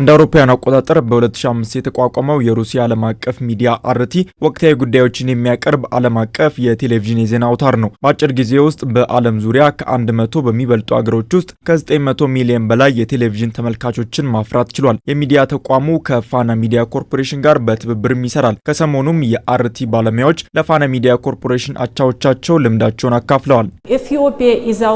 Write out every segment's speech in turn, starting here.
እንደ አውሮፓውያን አቆጣጠር በ2005 የተቋቋመው የሩሲያ ዓለም አቀፍ ሚዲያ አርቲ ወቅታዊ ጉዳዮችን የሚያቀርብ ዓለም አቀፍ የቴሌቪዥን የዜና አውታር ነው። በአጭር ጊዜ ውስጥ በዓለም ዙሪያ ከ100 በሚበልጡ አገሮች ውስጥ ከ900 ሚሊዮን በላይ የቴሌቪዥን ተመልካቾችን ማፍራት ችሏል። የሚዲያ ተቋሙ ከፋና ሚዲያ ኮርፖሬሽን ጋር በትብብርም ይሰራል። ከሰሞኑም የአርቲ ባለሙያዎች ለፋና ሚዲያ ኮርፖሬሽን አቻዎቻቸው ልምዳቸውን አካፍለዋል። ኢትዮጵያ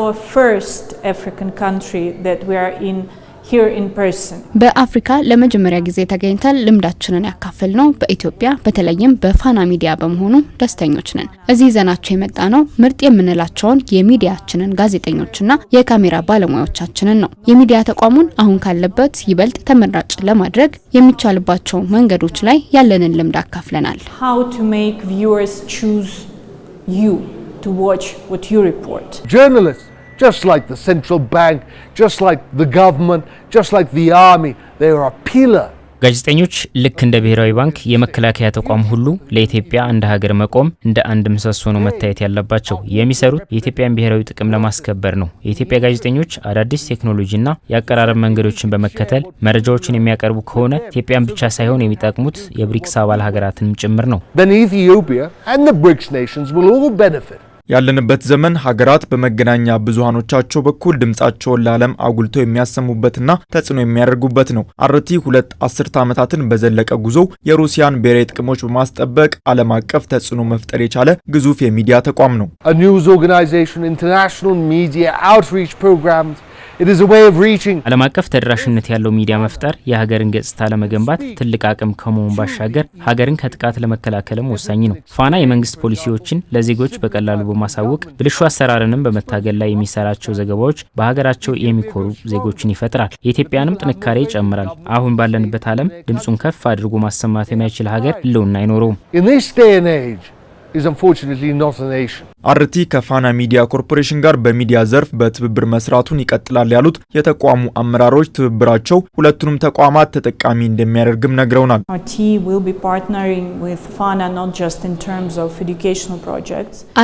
በአፍሪካ ለመጀመሪያ ጊዜ ተገኝተን ልምዳችንን ያካፈል ነው በኢትዮጵያ በተለይም በፋና ሚዲያ በመሆኑ ደስተኞች ነን። እዚህ ይዘናቸው የመጣ ነው ምርጥ የምንላቸውን የሚዲያችንን ጋዜጠኞችና የካሜራ ባለሙያዎቻችንን ነው። የሚዲያ ተቋሙን አሁን ካለበት ይበልጥ ተመራጭ ለማድረግ የሚቻልባቸው መንገዶች ላይ ያለንን ልምድ አካፍለናል። ጆርናሊስት just like the central bank, just like the government, just like the army, they are a pillar. ጋዜጠኞች ልክ እንደ ብሔራዊ ባንክ የመከላከያ ተቋም ሁሉ ለኢትዮጵያ እንደ ሀገር መቆም እንደ አንድ ምሰሶ ነው መታየት ያለባቸው። የሚሰሩት የኢትዮጵያን ብሔራዊ ጥቅም ለማስከበር ነው። የኢትዮጵያ ጋዜጠኞች አዳዲስ ቴክኖሎጂና የአቀራረብ መንገዶችን በመከተል መረጃዎችን የሚያቀርቡ ከሆነ ኢትዮጵያን ብቻ ሳይሆን የሚጠቅሙት የብሪክስ አባል ሀገራትንም ጭምር ነው። ያለንበት ዘመን ሀገራት በመገናኛ ብዙሃኖቻቸው በኩል ድምጻቸውን ለዓለም አጉልተው የሚያሰሙበትና ተጽዕኖ የሚያደርጉበት ነው። አርቲ ሁለት አስርተ ዓመታትን በዘለቀ ጉዞ የሩሲያን ብሔራዊ ጥቅሞች በማስጠበቅ ዓለም አቀፍ ተጽዕኖ መፍጠር የቻለ ግዙፍ የሚዲያ ተቋም ነው። ኒውዝ ኦርጋናይዜሽን ኢንተርናሽናል ሚዲያ አውትሪች ፕሮግራምስ ዓለም አቀፍ ተደራሽነት ያለው ሚዲያ መፍጠር የሀገርን ገጽታ ለመገንባት ትልቅ አቅም ከመሆን ባሻገር ሀገርን ከጥቃት ለመከላከልም ወሳኝ ነው። ፋና የመንግስት ፖሊሲዎችን ለዜጎች በቀላሉ በማሳወቅ ብልሹ አሰራርንም በመታገል ላይ የሚሰራቸው ዘገባዎች በሀገራቸው የሚኮሩ ዜጎችን ይፈጥራል፣ የኢትዮጵያንም ጥንካሬ ይጨምራል። አሁን ባለንበት ዓለም ድምፁን ከፍ አድርጎ ማሰማት የማይችል ሀገር ህልውና አይኖረውም። አርቲ ከፋና ሚዲያ ኮርፖሬሽን ጋር በሚዲያ ዘርፍ በትብብር መስራቱን ይቀጥላል ያሉት የተቋሙ አመራሮች ትብብራቸው ሁለቱንም ተቋማት ተጠቃሚ እንደሚያደርግም ነግረውናል።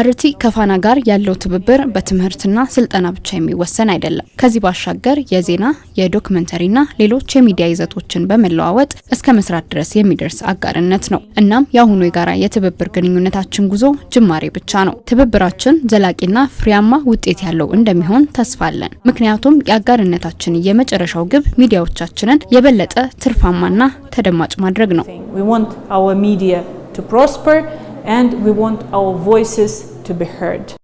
አርቲ ከፋና ጋር ያለው ትብብር በትምህርትና ስልጠና ብቻ የሚወሰን አይደለም። ከዚህ ባሻገር የዜና የዶክመንተሪና ሌሎች የሚዲያ ይዘቶችን በመለዋወጥ እስከ መስራት ድረስ የሚደርስ አጋርነት ነው። እናም የአሁኑ የጋራ የትብብር ግንኙነታችን ጉዞ ጅማሬ ብቻ ነው። ትብብራችን ዘላቂና ፍሬያማ ውጤት ያለው እንደሚሆን ተስፋ አለን። ምክንያቱም የአጋርነታችን የመጨረሻው ግብ ሚዲያዎቻችንን የበለጠ ትርፋማና ተደማጭ ማድረግ ነው። We want our voices to be